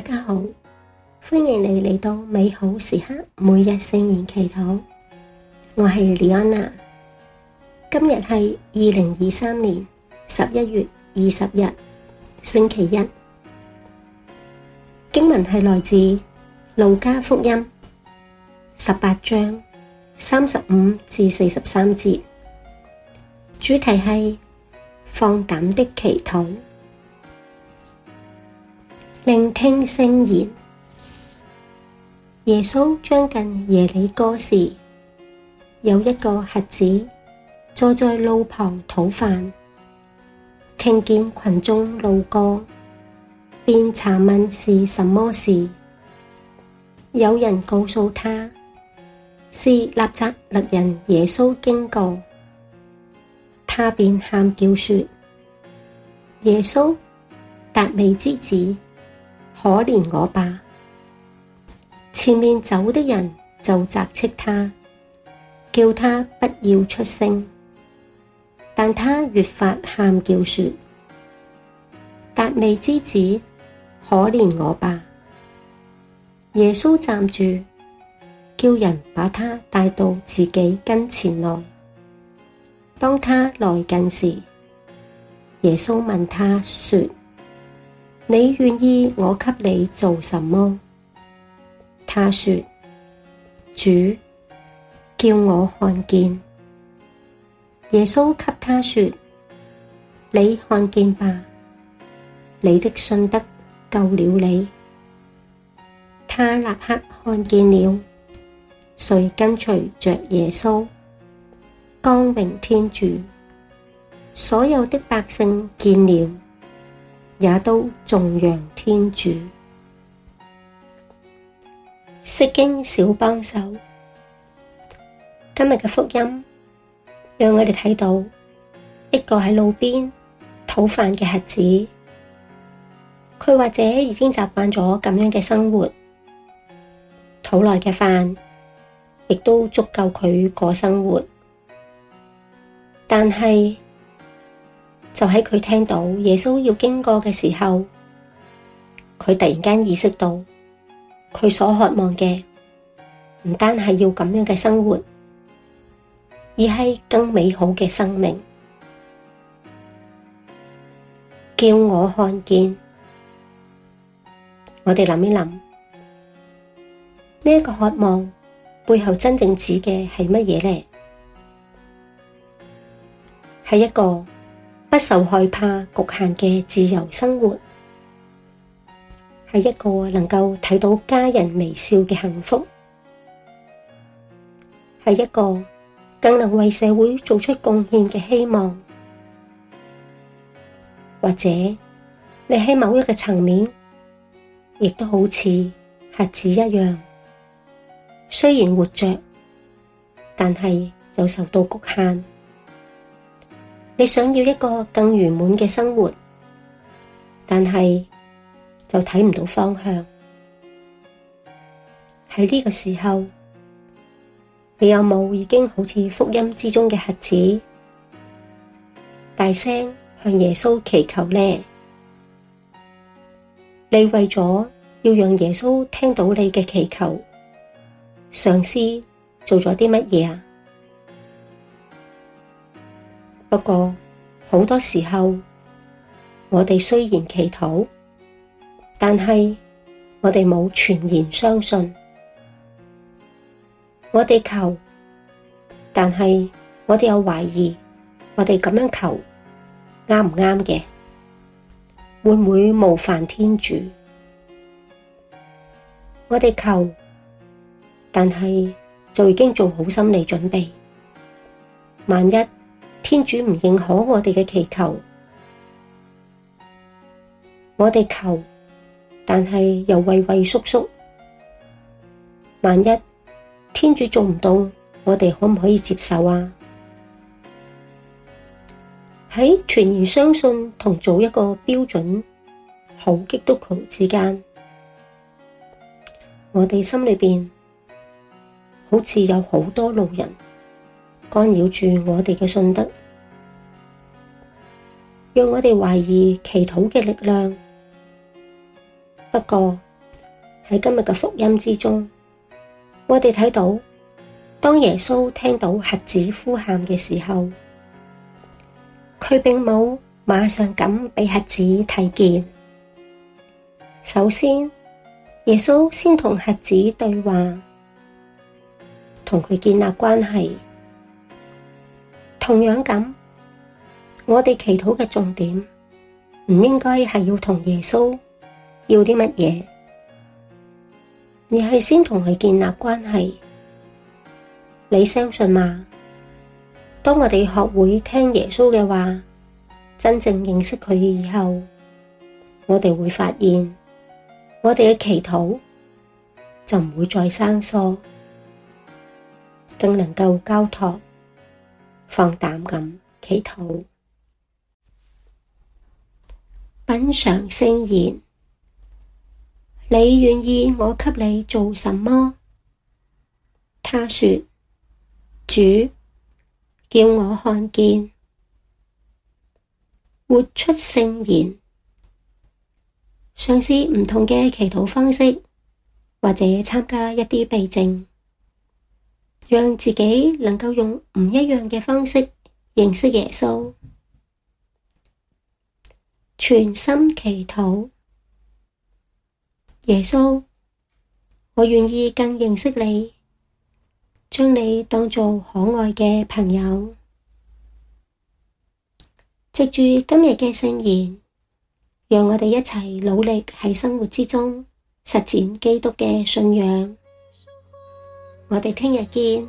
大家好，歡迎你嚟到美好時刻每日聖言祈禱。我係李安娜，今日係二零二三年十一月二十日星期一。經文係來自路加福音十八章三十五至四十三節，主題係放膽的祈禱。聆聽聖言。耶穌將近耶里哥時，有一個瞎子坐在路旁討飯，聽見群眾路過，便查問是什麼事。有人告訴他，是納匝肋人耶穌經過。他便喊叫說：耶穌，達味之子，可憐我吧！前面走的人就責斥他，叫他不要出聲，但他越發喊叫說：達味之子，可憐我吧！耶穌站住，叫人把他帶到自己跟前來。當他來近時，耶穌問他說：你願意我給你做什麼？他說：主叫我看見。耶穌給他說：你看見吧，你的信德救了你。他立刻看見了，遂跟隨着耶穌，光榮天主。所有的百姓見了。也都頌揚天主。釋經小幫手，今日嘅福音讓我哋睇到一個喺路邊討飯嘅瞎子，佢或者已經習慣咗咁樣嘅生活，討來嘅飯亦都足夠佢過生活，但係。就喺佢聽到耶穌要經過嘅時候，佢突然間意識到佢所渴望嘅唔單係要咁樣嘅生活，而係更美好嘅生命。叫我看見，我哋諗一諗呢個渴望背後真正指嘅係乜嘢呢？係一個。不受害怕侷限嘅自由生活，係一個能夠睇到家人微笑嘅幸福，係一個更能為社會做出貢獻嘅希望。或者，你喺某一個層面，亦都好似瞎子一樣，雖然活着，但係就受到局限。你想要一個更圓滿嘅生活，但係就睇唔到方向。喺呢個時候，你有冇已經好似福音之中嘅瞎子，大聲向耶穌祈求咧？你為咗要讓耶穌聽到你嘅祈求，嘗試做咗啲乜嘢啊？不過好多時候，我哋雖然祈禱，但係我哋冇全然相信。我哋求，但係我哋有懷疑，我哋咁樣求啱唔啱嘅？會唔會冒犯天主？我哋求，但係就已經做好心理準備，萬一……天主唔認可我哋嘅祈求，我哋求，但係又畏畏縮縮。萬一天主做唔到，我哋可唔可以接受啊？喺全然相信同做一個標準好基督徒之間，我哋心裏邊好似有好多路人干擾住我哋嘅信德。讓我哋懷疑祈禱嘅力量。不過喺今日嘅福音之中，我哋睇到，當耶穌聽到瞎子呼喊嘅時候，佢並冇馬上咁畀瞎子睇見。首先，耶穌先同瞎子對話，同佢建立關係。同樣咁。我哋祈禱嘅重點唔應該係要同耶穌要啲乜嘢，而係先同佢建立關係。你相信嗎？當我哋學會聽耶穌嘅話，真正認識佢以後，我哋會發現，我哋嘅祈禱就唔會再生疏，更能夠交託、放膽咁祈禱。品嚐聖言，你願意我給你做什麼？他說：主，叫我看見。活出聖言，嘗試唔同嘅祈禱方式，或者參加一啲避靜，讓自己能夠用唔一樣嘅方式認識耶穌。全心祈禱，耶穌，我願意更認識你，將你當作可愛嘅朋友。藉住今日嘅聖言，讓我哋一齊努力喺生活之中實踐基督嘅信仰。我哋聽日見。